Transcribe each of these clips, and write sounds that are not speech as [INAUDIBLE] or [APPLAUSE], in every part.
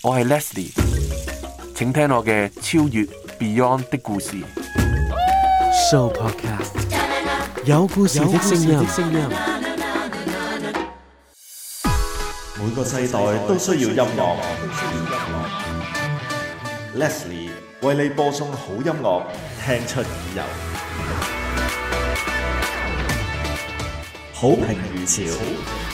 我係 Leslie，請聽我嘅超越 Beyond 的故事。Show Podcast 有故事的聲音，每個世代都需要音樂。Leslie 為你播送好音樂，聽出耳油，好評如潮。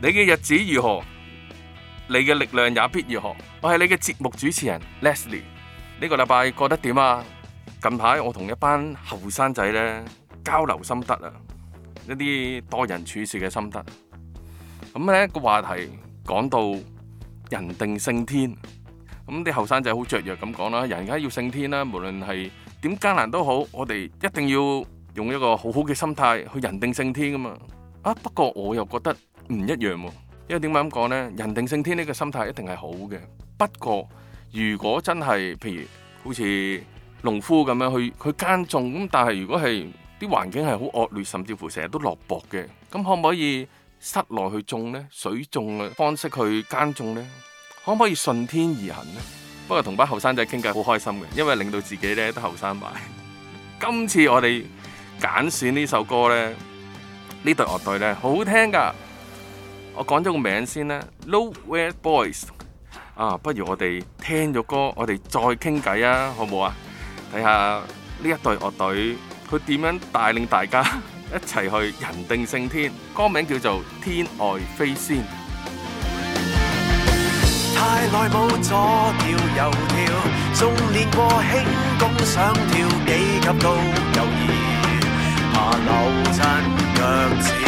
你嘅日子如何？你嘅力量也必如何？我係你嘅節目主持人 Leslie。呢個禮拜過得點啊？近排我同一班後生仔呢，交流心得啊，一啲待人處事嘅心得。咁呢個話題講到人定勝天，咁啲後生仔好雀躍,咁講啦，人家要勝天啦，無論係點艱難都好，我哋一定要用一個好好嘅心態去人定勝天噶嘛。啊，不過我又覺得。唔一樣喎，因為點解咁講呢？人定勝天呢個心態一定係好嘅。不過，如果真係譬如好似農夫咁樣去去耕種咁，但係如果係啲環境係好惡劣，甚至乎成日都落雹嘅，咁可唔可以室內去種呢？水種嘅方式去耕種呢？可唔可以順天而行呢？不過同班後生仔傾偈好開心嘅，因為令到自己呢都後生埋。今次我哋揀選呢首歌呢，呢隊樂隊呢好聽㗎。我講咗個名先咧，Nowhere Boys 啊！不如我哋聽咗歌，我哋再傾偈啊，好唔好啊？睇下呢一隊樂隊，佢點樣帶領大家一齊去人定勝天。歌名叫做《天外飛仙》。太耐冇左跳右跳，仲練過輕功，想跳幾級都又易，怕扭親腳趾。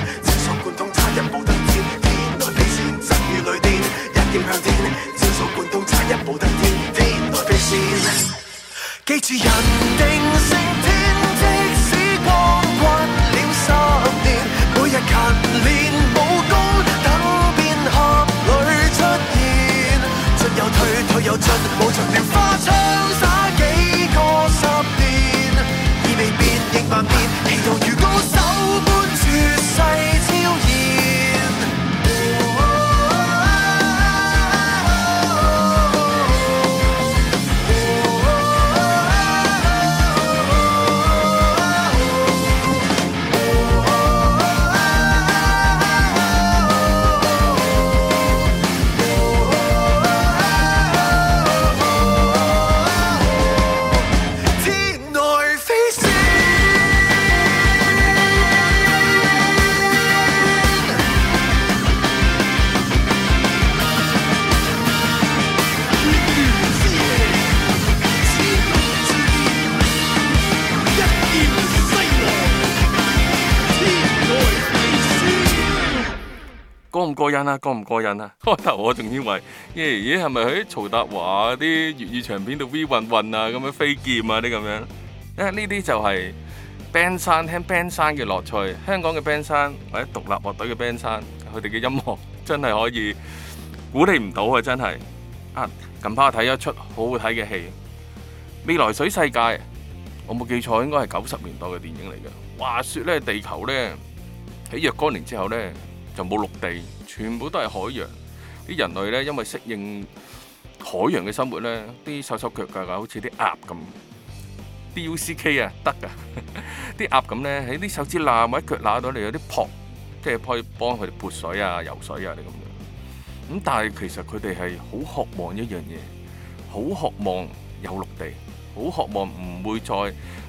過唔過癮啊？過唔過癮啊？開頭我仲以為，咦咦係咪喺曹達華啲粵語長片度 v 運運啊，咁樣飛劍啊啲咁樣？誒，呢啲就係 band 山，聽 band 山嘅樂趣。香港嘅 band 山或者獨立樂隊嘅 band 山，佢哋嘅音樂真係可以鼓勵唔到啊！真係。啊，近排我睇一出好好睇嘅戲，《未來水世界》。我冇記錯，應該係九十年代嘅電影嚟嘅。話說咧，地球咧喺若干年之後咧。就冇陸地，全部都係海洋。啲人類咧，因為適應海洋嘅生活咧，啲手手腳腳好似啲鴨咁。duck 啊，得啊！啲鴨咁咧，喺啲手指罅或者腳罅到嚟，有啲蹼，即係可以幫佢哋撥水啊、游水啊，你咁樣。咁但係其實佢哋係好渴望一樣嘢，好渴望有陸地，好渴望唔會再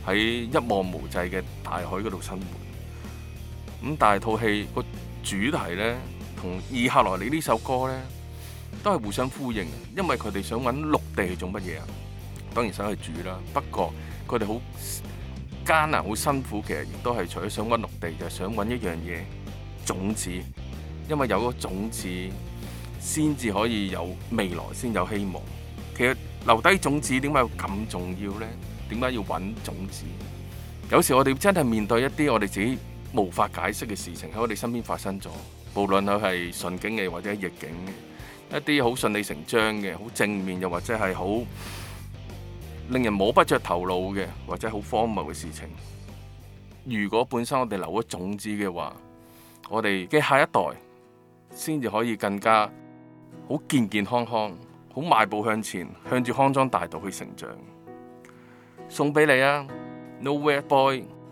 喺一望無際嘅大海嗰度生活。咁但係套戲個。主題呢，同以下來你呢首歌呢，都係互相呼應，因為佢哋想揾陸地去做乜嘢啊？當然想去住啦。不過佢哋好艱難，好辛苦。其實亦都係除咗想揾陸地，就係想揾一樣嘢種子，因為有個種子先至可以有未來，先有希望。其實留低種子點解咁重要呢？點解要揾種子？有時我哋真係面對一啲我哋自己。無法解釋嘅事情喺我哋身邊發生咗，無論佢係順境嘅或者逆境嘅，一啲好順理成章嘅、好正面又或者係好令人摸不着頭腦嘅，或者好荒謬嘅事情。如果本身我哋留咗種子嘅話，我哋嘅下一代先至可以更加好健健康康、好邁步向前，向住康莊大道去成長。送俾你啊，No Way Boy！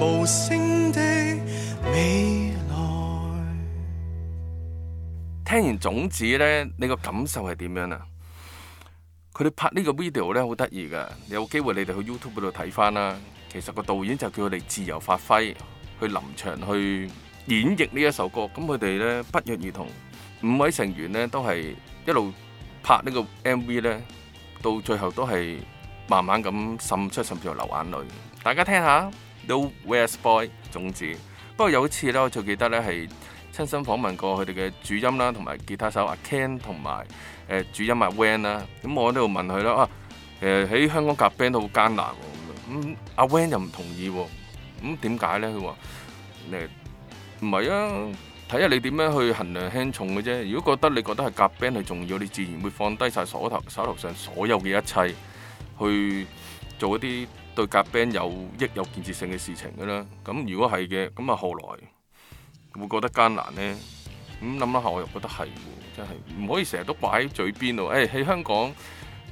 無聲的未來，聽完種子咧，你個感受係點樣啊？佢哋拍呢個 video 咧，好得意噶。有冇機會你哋去 YouTube 嗰度睇翻啦？其實個導演就叫佢哋自由發揮，去臨場去演繹呢一首歌。咁佢哋咧不約而同，五位成員咧都係一路拍呢個 MV 咧，到最後都係慢慢咁滲出，甚至流眼淚。大家聽下。都、no、West Boy 總之，不過有一次咧，我就記得咧係親身訪問過佢哋嘅主音啦，同埋吉他手阿 Ken 同埋誒主音阿 Van 啦。咁我喺呢度問佢啦，啊誒喺香港夾 band 好艱難喎，咁、啊、阿 Van 又唔同意喎。咁點解咧？佢話你，唔係啊，睇下你點、啊、樣去衡量輕重嘅啫。如果覺得你覺得係夾 band 係重要，你自然會放低晒所頭手頭上所有嘅一切去做一啲。對夾 band 有益有建設性嘅事情噶啦，咁如果係嘅，咁啊後來會，會覺得艱難咧。咁諗諗下，我又覺得係，真係唔可以成日都擺喺嘴邊度。誒、哎，喺香港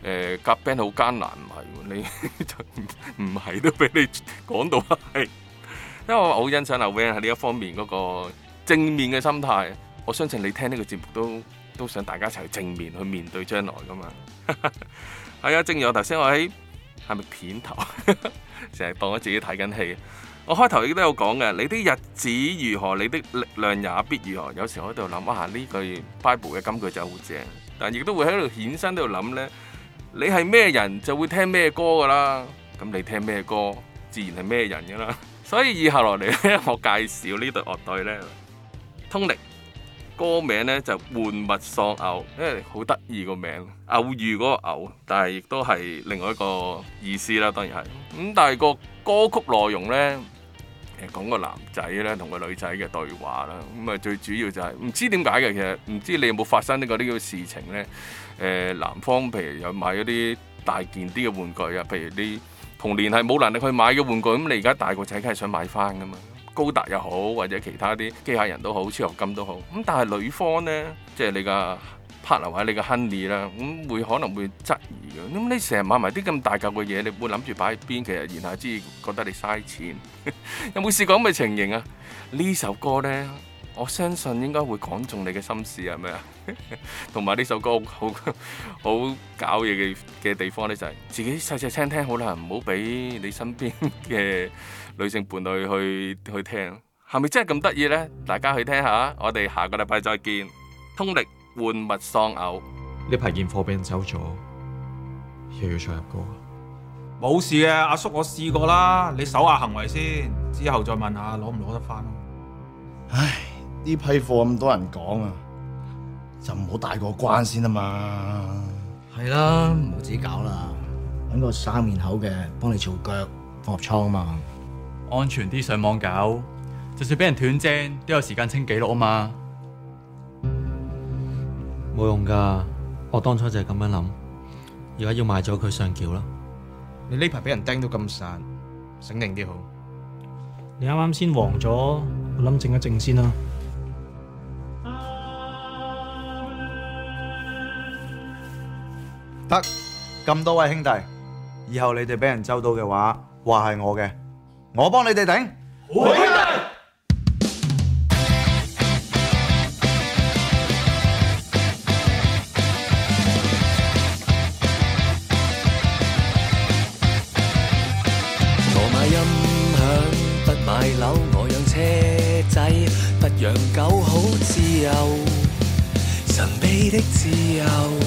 誒夾 band 好艱難唔係，你唔唔係都俾你講到係。因為我好欣賞阿 van 喺呢一方面嗰、那個正面嘅心態，我相信你聽呢個節目都都想大家一齊正面去面對將來噶嘛。係 [LAUGHS] 啊，正如我頭先我喺。係咪片頭？成 [LAUGHS] 日當我自己睇緊戲。我開頭亦都有講嘅，你的日子如何，你的力量也必如何。有時我喺度諗一下呢句《Bible》嘅金句就好正，但亦都會喺度衍生喺度諗呢你係咩人就會聽咩歌噶啦。咁你聽咩歌，自然係咩人噶啦。所以以後落嚟咧，我介紹呢隊樂隊呢。通力。歌名咧就是《玩物喪偶》，因為好得意個名，偶遇嗰個偶，但係亦都係另外一個意思啦。當然係咁，但係個歌曲內容咧，講個男仔咧同個女仔嘅對話啦。咁啊，最主要就係、是、唔知點解嘅，其實唔知道你有冇發生呢個呢個事情咧。誒、呃，男方譬如有買一啲大件啲嘅玩具啊，譬如啲童年係冇能力去買嘅玩具，咁你而家大個仔，梗係想買翻噶嘛。高達又好，或者其他啲機械人都好，超合金都好。咁但係女方咧，即係你個 partner 或者你個亨利啦，咁會可能會質疑㗎。咁你成日買埋啲咁大嚿嘅嘢，你會諗住擺喺邊？其實然後之覺得你嘥錢， [LAUGHS] 有冇試過咁嘅情形啊？呢首歌咧。我相信應該會講中你嘅心事啊！咩啊？同埋呢首歌好好搞嘢嘅嘅地方咧，就係自己細細聲聽好啦，唔好俾你身邊嘅女性伴侶去去聽，係咪真係咁得意咧？大家去聽下，我哋下個禮拜再見。通力換物喪偶，呢排件貨俾人走咗，又要再入歌，冇事嘅，阿叔，我試過啦，你守下行為先，之後再問下攞唔攞得翻。唉。呢批貨咁多人講啊，就唔好大過關先啦嘛。係啦，啊，唔、嗯、好自己搞啦，揾個生面口嘅幫你做腳放入倉嘛，安全啲。上網搞，就算俾人斷正都有時間清記錄啊嘛。冇用噶，我當初就係咁樣諗，而家要賣咗佢上橋啦。你呢排俾人盯到咁散，醒定啲好。你啱啱先黃咗，我諗靜一靜先啦。得咁多位兄弟，以後你哋俾人揪到嘅話，話係我嘅，我幫你哋頂。我買音響，不買樓，我養車仔，不養狗，好自由，神秘的自由。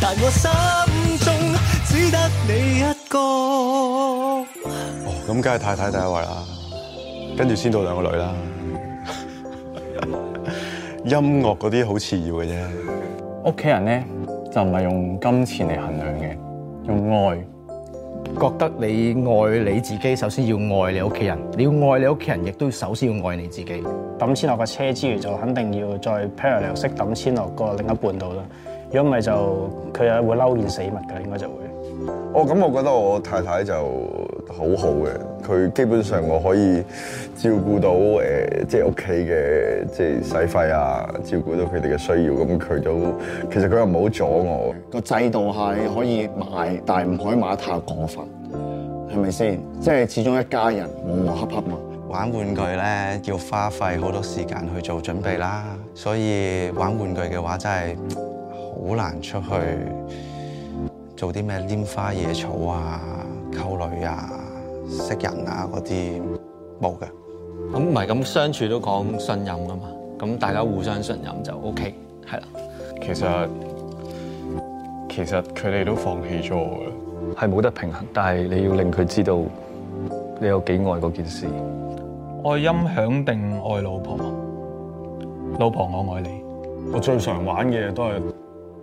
但我心中只得你一個哦，咁梗係太太第一位啦，跟住先到兩個女啦。 [LAUGHS] 音樂嗰啲好次要嘅啫。屋企人咧就唔係用金錢嚟衡量嘅，用愛。覺得你愛你自己，首先要愛你屋企人。你要愛你屋企人，亦都要首先要愛你自己。抌錢落個車之餘，就肯定要再 parallel 式抌錢落個另一半度啦。如果唔係就佢又會嬲見死物㗎，應該就會。哦，咁我覺得我太太就很好好嘅，佢基本上我可以照顧到誒、呃，即係屋企嘅即係使費啊，照顧到佢哋嘅需要。咁佢都其實佢又唔好阻我個制度係可以買，但係唔可以買得太過分，係咪先？即係始終一家人和和洽洽。玩玩具咧要花費好多時間去做準備啦，所以玩玩具嘅話真係。好難出去做啲咩拈花惹草啊、溝女啊、識人啊嗰啲，冇嘅。咁唔係咁相處都講信任噶嘛，咁大家互相信任就 OK，係啦。其實、嗯、其實佢哋都放棄咗我嘅，係冇得平衡，但係你要令佢知道你有幾愛嗰件事，愛音響定愛老婆，嗯？老婆我愛你，我最常玩嘅都係。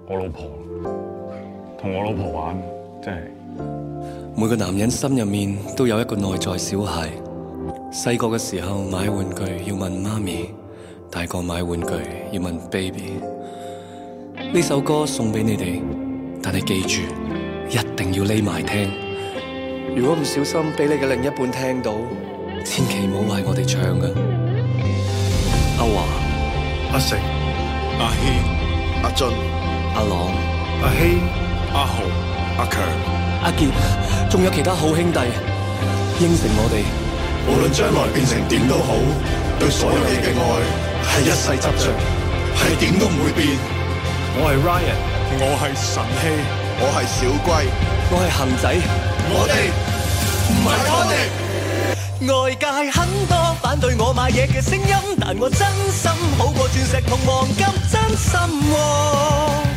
我老婆同我老婆玩，真係每個男人心入面都有一個內在小孩。細個嘅時候買玩具要問媽咪，大個買玩具要問 baby。呢首歌送俾你哋，但係記住一定要匿埋聽。如果唔小心俾你嘅另一半聽到，千祈唔好買我哋唱㗎！阿華、阿成、阿軒、阿俊。阿朗、阿希、阿豪、阿強、阿杰，仲有其他好兄弟，應承我哋，無論將來變成點都好，對所有嘢嘅愛係一世執着，係點都唔會變。我係 Ryan，我係神希，我係小龜，我係恒仔，我哋唔係我哋。外界很多反對我買嘢嘅聲音，但我真心好過鑽石同黃金，真心。